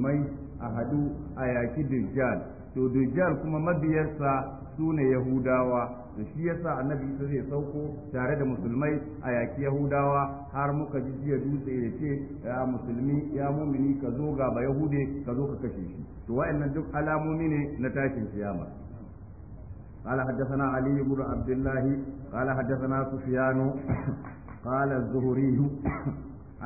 mai a hadu a yaki dijjal to dujjal kuma mabiyarsa su ne yahudawa da shi yasa annabi isa zai sauko tare da musulmai a yaki yahudawa har muka ji jiya dutse ya ce ya musulmi ya mumini ka zo ga ba yahude ka zo ka kashe shi to wa'annan duk alamomi ne na tashin kiyama قال حدثنا علي بن عبد الله قال حدثنا سفيان قال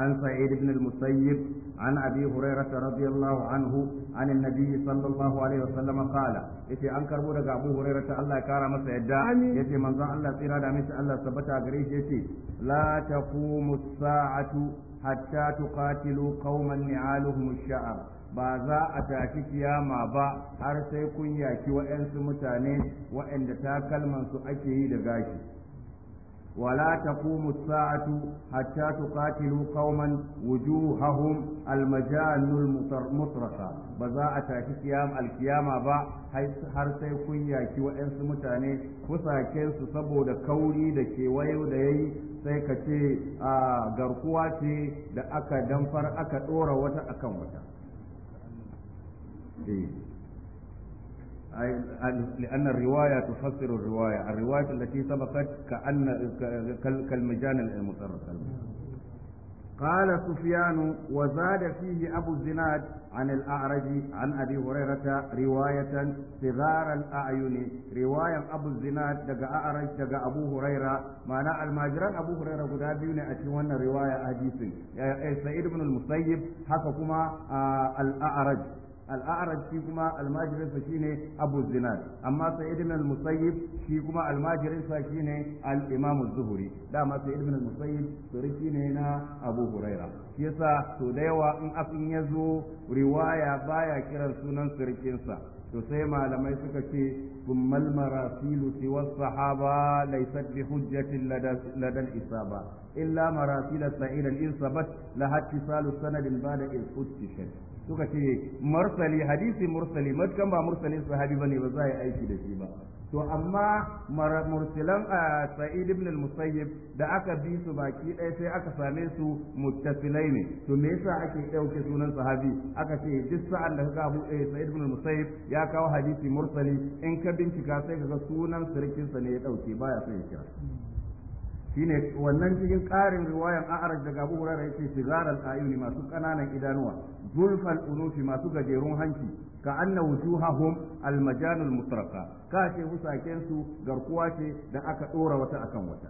An سعيد بن المسيب عن أبي هريرة رضي الله عنه عن النبي صلى الله عليه وسلم قال yace an karbo daga Abu Hurairah ta Allah ya kara masa yadda yace manzon Allah tsira da mishi Allah sabata gare shi yace la taqumu sa'atu hatta tuqatilu qauman ni'aluhum ash-sha'r ba za a tashi kiyama ba har sai kun yaki wa'ansu mutane wa'anda takalman su ake yi da gashi ولا تقوم الساعة حتى تقاتلوا قوما وجوههم المجان المطرقة بزاعة tafi القيامة ba har sai kun yaki waɗansu mutane kusakensu saboda kauri da kewayo da ya yi sai ka ce a garkuwa ce da aka damfar aka ɗora wata akan wata. لأن الرواية تفسر الرواية الرواية التي سبقت كأن كالمجان المترسل قال سفيان وزاد فيه أبو الزناد عن الأعرج عن أبي هريرة رواية صغار الأعين رواية أبو الزناد دقى أعرج دقى أبو هريرة معنى الماجران أبو هريرة قد أبيون رواية أجيس سعيد بن المسيب حقكما آه، الأعرج al'a'raj shi kuma almajirin sa shine abu zinad amma sai ibn al-musayyib shi kuma almajirin sa shine al-imam az-zuhri dama sai ibn al-musayyib ne na abu huraira shi yasa to da yawa in afin yazo riwaya baya kiran sunan surikin sa to sai malamai suka ce gummal marasilu siwa sahaba laysat bi hujjatin ladal isaba illa marasila sa'id in Sabat la salu sanadin ba'da il-futtishat suka ce mursali hadisi mursali matukan ba mursali sahabi bane ba za a yi aiki da shi ba to amma mursilan a sa'id ibn al-musayyib da aka bi su baki ɗaya sai aka same su muttasilai ne to me yasa ake ɗauke sunan sahabi aka ce duk sa'an da kaga abu eh sa'id ibn al-musayyib ya kawo hadisi mursali in ka bincika sai ka ga sunan sirkin sa ne ya ɗauke baya sai ya kira shine wannan cikin ƙarin riwayan a'araj daga Abu Hurairah yace sigaral ayuni masu kananan idanuwa zulfal unufi masu gajerun hanci ka anna wujuhahum almajanul mutraqa ka ce husaken su garkuwa ce da aka dora wata akan wata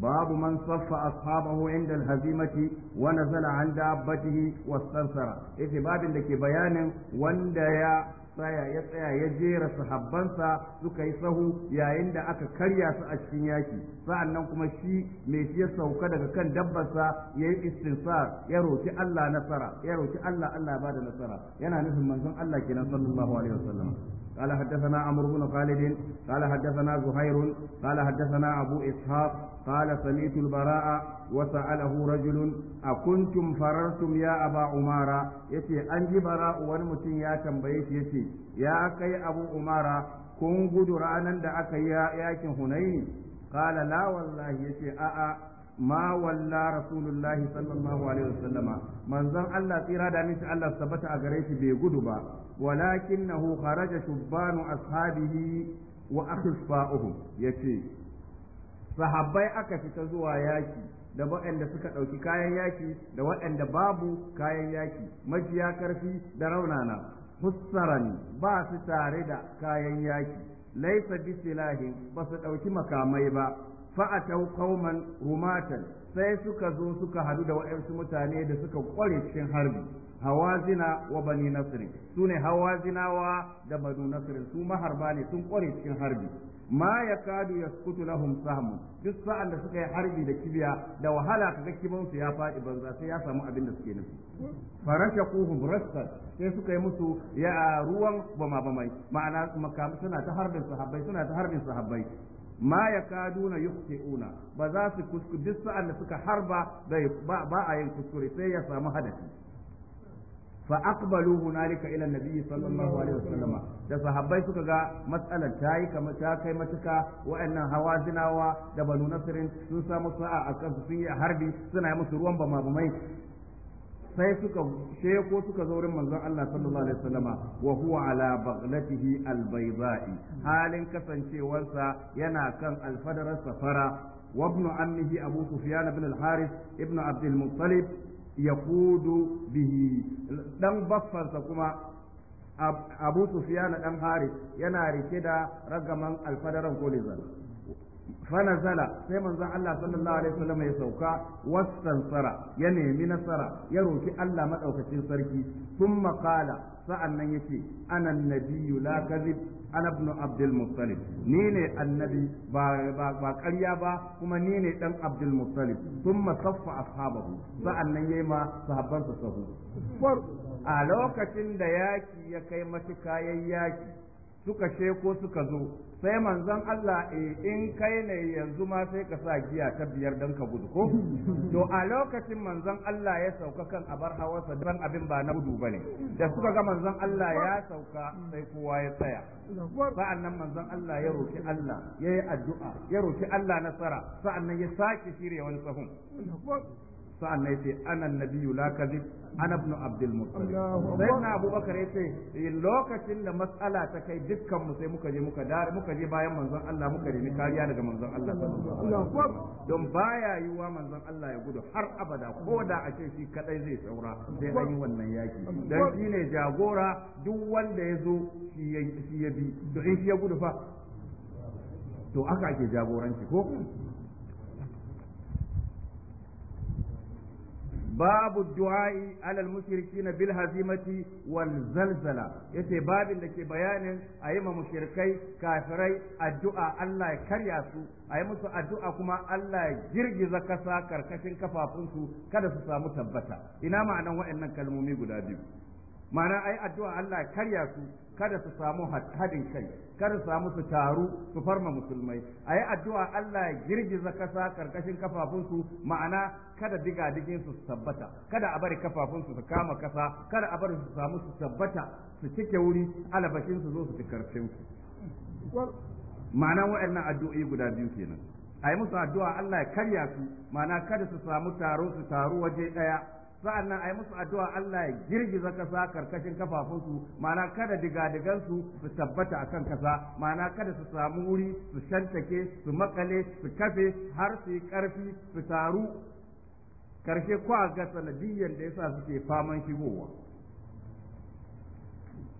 babu man saffa ashabahu inda alhazimati wa nazala an dabbatihi wastansara yace babin da ke bayanin wanda ya tsaya ya tsaya ya jera sahabbansa suka yi sahu yayin da aka karya su a cikin yaki sa'an nan kuma shi mai shi ya sauka daga kan dabbarsa ya yi istinsar ya roki Allah nasara ya roki Allah Allah ya bada nasara yana nufin manzon Allah kenan sallallahu alaihi wasallam قال حدثنا عمرو بن خالد قال حدثنا زهير قال حدثنا أبو إسحاق قال سمعت البراء وسأله رجل أكنتم فررتم يا أبا عمارة يتي أنجي براء ونمتن يا تنبيت يتي يا أكي أبو عمارة كن قدر أنا دا أكي يا ياكن هنين قال لا والله يتي أأ ma walla rasulullahi sallallahu alaihi wasallama manzon Allah tsira da mishi Allah tabbata a gare shi bai gudu ba walakinahu kharaja shubbanu ashabihi wa ya ce, sahabbai aka fita zuwa yaki da waɗanda suka ɗauki kayan yaki da waɗanda babu kayan yaki majiya karfi da raunana fussaran ba su tare da kayan yaki laisa bisilahin ba su ɗauki makamai ba fa'atau kauman rumatan sai suka zo suka hadu da waɗansu mutane da suka kware cikin harbi hawazina wa bani su ne hawazinawa da banu nasr su maharba ne sun kware cikin harbi ma ya kutu lahum sahmu duk sa'an da suka yi harbi da kibiya da wahala kaga kibansu ya faɗi banza sai ya samu abin da suke nufi farashaquhum rasqan sai suka yi musu ya ruwan bama bamai ma'ana makam suna ta harbin sahabbai suna ta harbin sahabbai ma ya kaduna una ba za su kuskure duk sa'an da suka harba ba a yin kuskure sai ya samu hadasi fa aqbalu rika ila nabi sallallahu alaihi wasallam da sahabbai suka ga matsalar ta yi kamar ta kai matuka wa'annan zinawa da banu nasirin sun samu sa'a a kansu sun yi harbi suna musu ruwan bama bamai sai suka sheko suka zo wurin manzon Allah sallallahu alaihi wasallama wa huwa ala baghlatihi albayda'i halin kasancewarsa yana kan alfadarar safara وابن abu أبو سفيان haris ibn abdul عبد المطلب يقود bihi دم بفر kuma. abu sufyan dan haris yana rike da ragaman alfadaran kolizan فنزل سيما زن الله صلى الله عليه وسلم يسوكا واستنصر ينمي نصر يروكي الله مدعوكة سركي ثم قال سألنا يتي أنا النبي لا كذب أنا ابن عبد المطلب نيني النبي باقريا با كما نيني دم عبد المطلب ثم صف أصحابه سألنا يما صحبان تصفه a lokacin da yaki ya kai matuka yayyaki suka ko suka zo sai manzon Allah eh, in kai ne yanzu ma sai ka sa giya ta biyar dan ka gudu ko to a lokacin manzon Allah ya sauka kan abar hawarsa dan abin ba na gudu bane da suka ga manzon Allah ya sauka sai kowa ya tsaya sa'annan manzon Allah ya roki Allah yayi addu'a ya roki Allah nasara sa'annan ya sake shirya wani tsahon sa'an nan yace anan annabiyyu la kadhib an ibn abdul muttalib sai na abubakar yace eh, lokacin da matsala ta kai dukkanmu sai muka je muka dare muka je bayan manzon Allah muka nemi kariya daga manzon Allah sallallahu alaihi wasallam don baya yiwa manzon Allah ya gudu har abada ko da a ce shi kadai zai saura sai an yi wannan yaki dan ne jagora duk wanda ya zo shi ya bi to in shi ya gudu fa to aka ake jagoranci ko babu du'a'i alal mushrikina bil hazimati wal zalzala yace babin da ke bayanin ayi ma mushrikai kafirai addu'a Allah ya karya su ayi musu addu'a kuma Allah ya girgiza kasa karkashin kafafunsu kada su samu tabbata ina ma'anan waɗannan kalmomi guda biyu ma'ana ai addu'a Allah karya su kada su samu hadin kai kada su samu su taru su farma musulmai ayi addu'a Allah ya girgiza kasa karkashin kafafunsu ma'ana kada diga digin su tabbata kada a bari kafafunsu su kama kasa kada a bari su samu su tabbata su cike wuri alabashin su zo su tikarcin su ma'ana wa'annan addu'o'i guda biyu kenan ayi musu addu'a Allah ya karya su ma'ana kada su samu taro su taru waje daya sa'an nan a yi musu addu'a Allah ya girgiza kasa karkashin kafafunsu ma'ana kada diga-digansu su tabbata a kan kasa ma'ana kada su samu wuri su shantake su makale su kafe har su yi karfi su taru karshe kwa ga sanadiyyar da yasa suke faman shigowa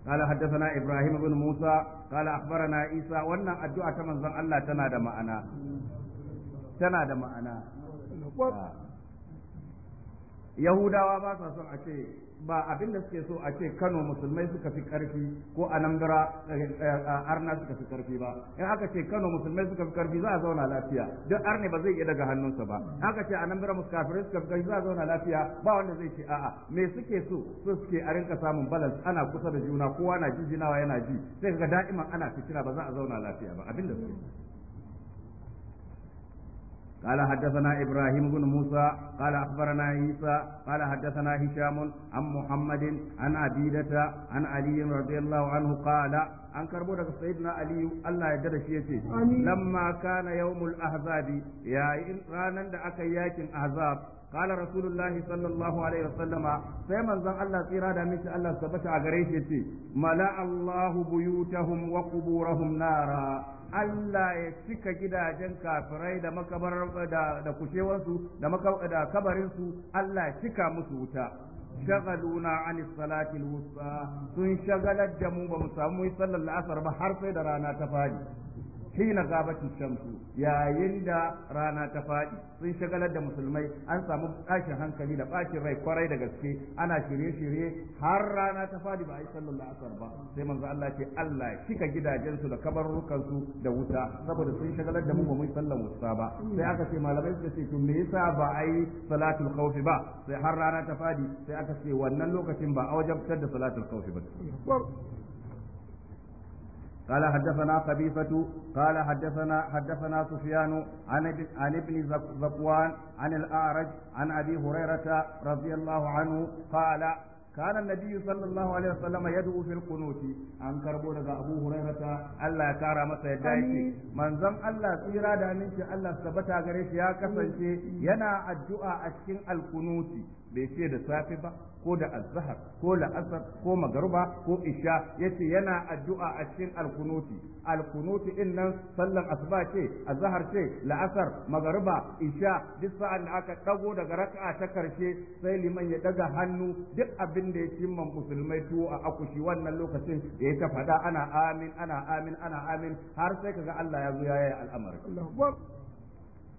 قال حدثنا ابراهيم بن موسى قال اخبرنا عيسى wannan addu'a ta الله Allah tana da ma'ana yahudawa ba sa son a ce ba abin da suke so a ce kano musulmai suka fi karfi ko a anambra eh, eh, eh, arna suka fi karfi ba in aka ce kano musulmai suka fi karfi za a zauna lafiya duk arne ba zai iya daga hannunsa ba aka ce a anambra muskafirai suka fi karfi za a zauna lafiya ba wanda zai ce a'a me suke so so suke a rinka samun balas ana kusa da juna kowa na jijinawa yana ji sai kaga da'iman ana fitina ba za a zauna lafiya ba abin da suke قال حدثنا إبراهيم بن موسى قال أخبرنا عيسى قال حدثنا هشام عن محمد عن عبيدة عن علي رضي الله عنه قال an karbo daga sayyidina aliyu Allah ya dada shi yace lamma kana yaumul ahzabi yayin ranan da aka yi yakin ahzab qala rasulullah sallallahu alaihi wasallam sai manzon Allah tsira da miki Allah tabbata a gare shi yace mala Allahu buyutahum wa quburahum nara Allah ya cika gidajen kafirai da makabar da kushewansu da da kabarinsu Allah ya cika musu wuta shagaluna an salati wusta sun shagalar da mu ba mu samu sallar la'asar ba har sai da rana ta fadi hina gabati shamsu yayin da rana ta faɗi sun shagalar da musulmai an samu tashin hankali da ɓacin rai kwarai da gaske ana shirye-shirye har rana ta faɗi ba a yi sallallahu asar ba sai manzo Allah ce Allah kika gidajensu da kabarukansu da wuta saboda sun shagalar da mu ba mu yi sallan wuta ba sai aka ce malamai suka ce to me yasa ba a yi salatul khawf ba sai har rana ta faɗi sai aka ce wannan lokacin ba a wajabtar da salatul khawf ba قال حدثنا قبيفة قال حدثنا حدثنا سفيان عن عن ابن ذكوان عن الأعرج عن أبي هريرة رضي الله عنه قال كان النبي صلى الله عليه وسلم يدعو في القنوت an karbo daga Abu Hurairata Allah ya kara masa yadda yake manzon Allah tsira da aminci Allah tabbata gare shi ya kasance yana addu'a a cikin alkunuti bai ce da safe ba ko da azhar ko la'asar ko magarba ko isha yace yana addu'a a cikin alkunuti alkunuti din nan sallan asuba ce azhar ce la'asar magarba isha duk sa'an da aka dago daga raka'a ta karshe sai liman ya daga hannu duk abin da ya cimma musulmai tuwo a akushi wannan lokacin da ya ta fada ana amin ana amin ana amin har sai kaga Allah ya zo ya yi al'amari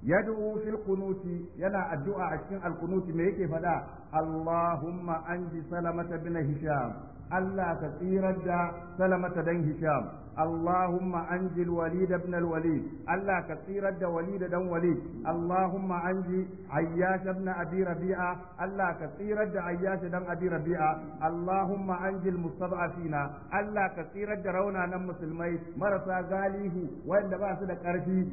يدعو في القنوت ينا الدعاء عشان القنوت ما يكي فدا اللهم أنج سلمة بن هشام ألا تسير الدا سلمة بن هشام اللهم أنج الوليد بن الوليد ألا كثير الد وليد دن وليد اللهم أنج عياش بن أبي ربيعة ألا كثير الد عياش دن أبي ربيعة اللهم أنج المستضعفين ألا كثير الد رونا نم مسلمي مرسى غاليه وإن باسد كرفي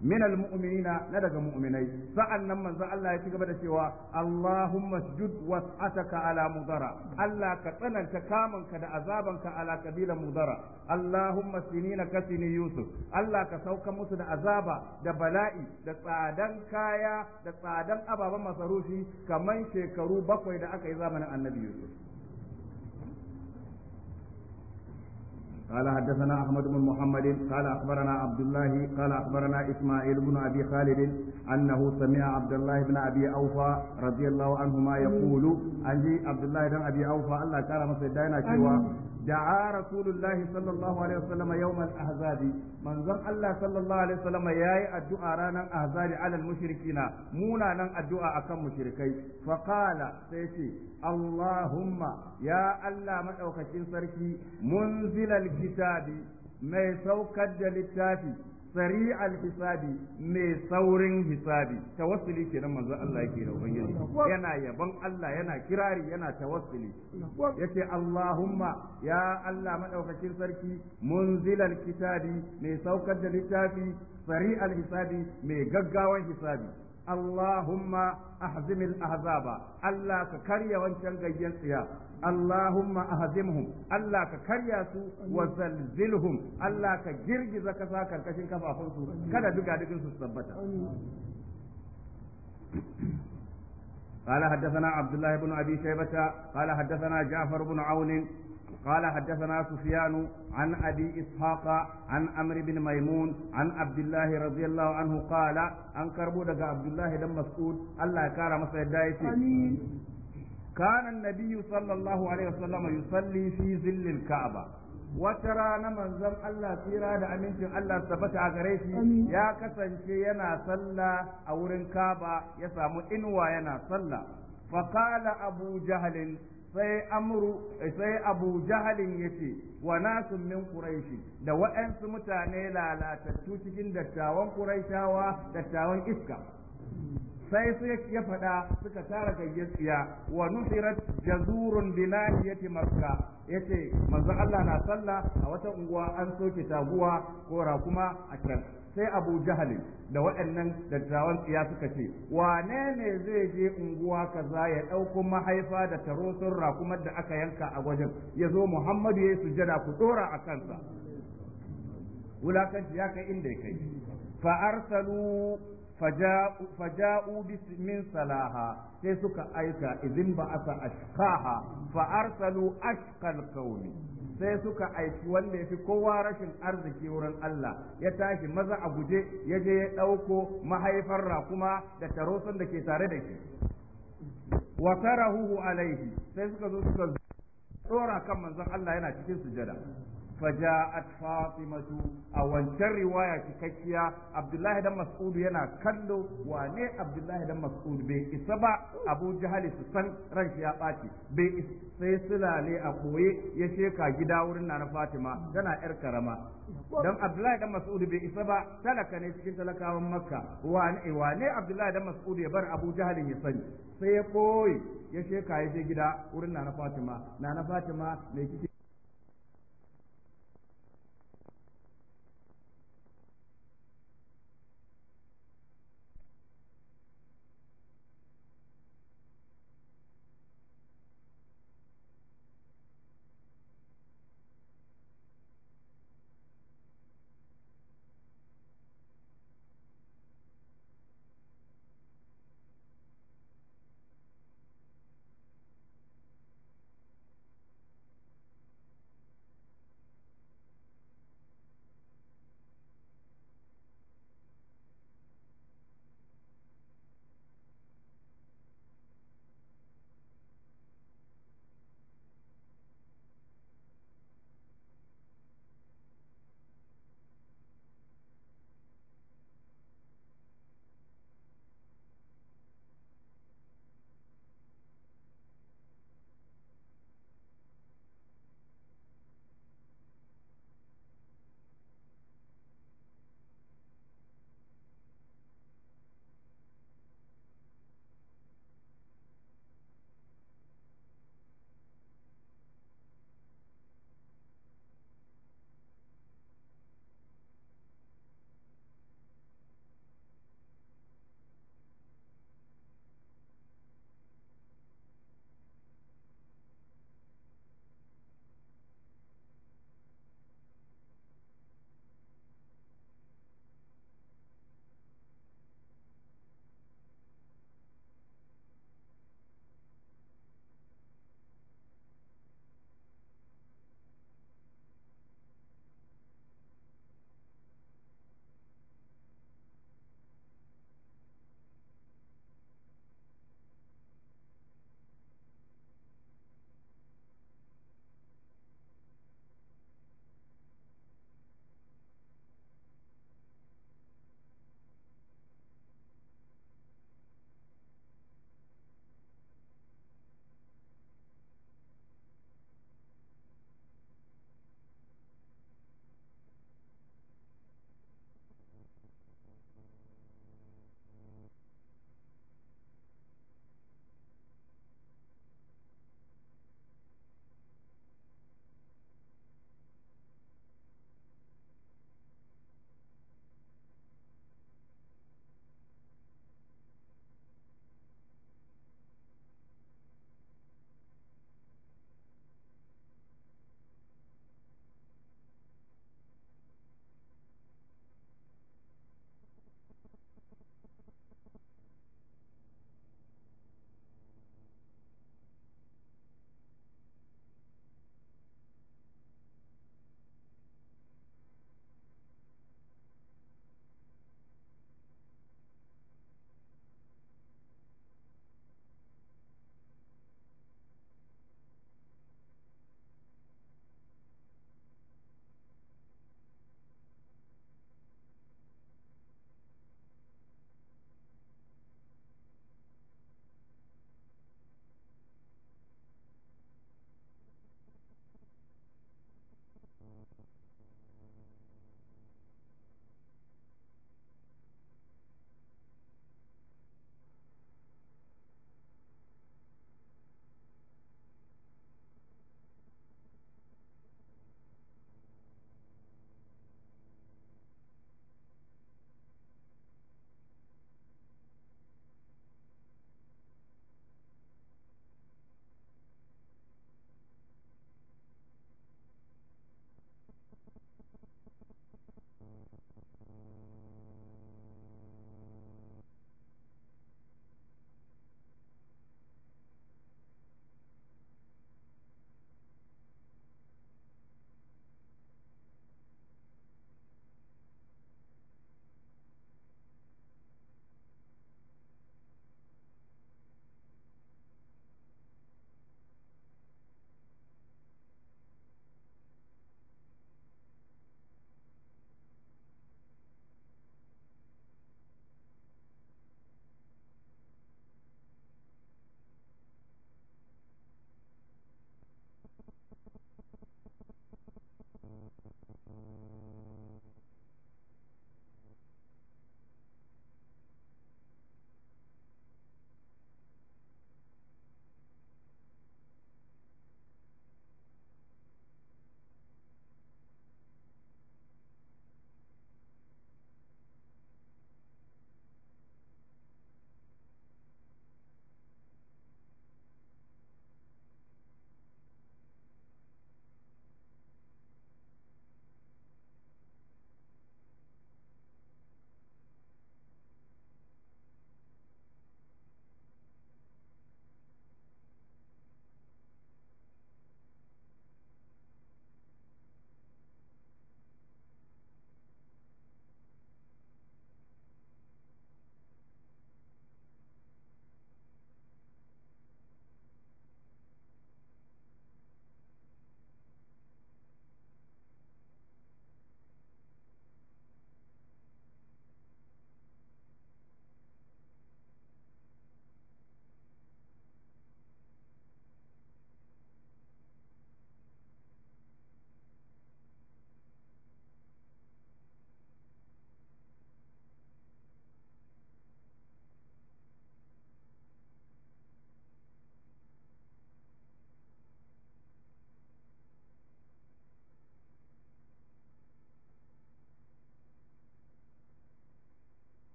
minal mu'uminina na daga mu'minai nan manzo Allah ya ci gaba da cewa Allahumma sujud was'ataka ala muzara Allah ka tsananta kamanka da azabanka ala kabila mudara Allahumma sinina kasini Yusuf Allah ka sauka musu da azaba da bala'i da tsadan kaya da tsadan ababen masarufi kaman shekaru bakwai da aka yi zamanin Annabi Yusuf قال حدثنا أحمد بن محمد قال أخبرنا عبد الله قال أخبرنا إسماعيل بن أبي خالد أنه سمع عبد الله بن أبي أوفى رضي الله عنهما يقول أنجي عبد الله بن أبي أوفى الله تعالى مسجدنا شوى دعا رسول الله صلى الله عليه وسلم يوم الأحزاب من زم الله صلى الله عليه وسلم ياي الدعاء رانا أحزاب على المشركين مونا نن الدعاء أكم مشركي فقال سيتي Allahumma ya Allah madaukakin sarki munzilal kitabi mai saukar da littafi sari alhisabi mai saurin hisabi tawassuli kenan manzo Allah yake da ubangiji yana yabon Allah yana kirari yana tawassuli yace Allahumma ya Allah madaukakin sarki munzilal kitabi mai saukar da littafi sari alhisabi mai gaggawan hisabi Allahumma ahzim al-ahzaba Allah ka karya wancan gayyan tsiya Allahumma ahzimhum Allah ka karya su wa zalzilhum Allah ka girgiza kasa karkashin kafafunsu kada duga dukin su tabbata قال حدثنا عبد الله بن ابي شيبه قال حدثنا جعفر قال حدثنا سفيان عن أبي إسحاق عن أمر بن ميمون عن عبد الله رضي الله عنه قال أن كربو عبد الله بن مسعود الله كرم سيدايتي كان النبي صلى الله عليه وسلم يصلي في ظل الكعبة وترانا من زم الله تيرا دا أمينتين الله ثبت أغريشي يا كسنشي ينا صلى أورن كعبة يسامو إنوا ينا صلى فقال أبو جهل sai amru sai abu jahalin yace wa nasun min quraishi da waɗansu mutane lalatattu cikin dattawan quraishawa dattawan iska sai su ya faɗa suka tara gayyaciya wa nusirat jazurun binaniyati makka yace manzo Allah na sallah a wata unguwa an soke taguwa ko rakuma a can sai abu jahalin da waɗannan dattawan tsiya suka ce wane ne zai je unguwa kaza ya ɗauko mahaifa da tarosun rakumar da aka yanka a wajen ya zo muhammadu ya yi sujada ku ɗora a kansa wulakanci ya kai inda ya kai fa arsalu faja'u min salaha sai suka aika idin ba asa ashqaha fa arsalu ashqal sai suka aiki wanda ya fi kowa rashin arziki wurin Allah ya tashi maza a guje ya je ya ɗauko mahaifar rakuma da tarosan da ke tare da shi wa tarahuhu alaihi sai suka zo suka tsora kan manzon Allah yana cikin sujada فجاءت فاطمة أو أنشر رواية كيكيا عبد الله دم مسعود ينا كلو واني عبد الله دم مسعود بي إسبع أبو جهل سسن رنش يا باتي بي ya لي gida يشيكا nana Fatima tana دنا إركرما dan Abdullahi dan Mas'ud bai isa ba talaka ne cikin talakawan Makka wani wane Abdullahi dan Mas'ud ya bar Abu Jahalin ya sani sai ya koyi ya sheka ya je gida wurin Nana Fatima Nana Fatima ne kike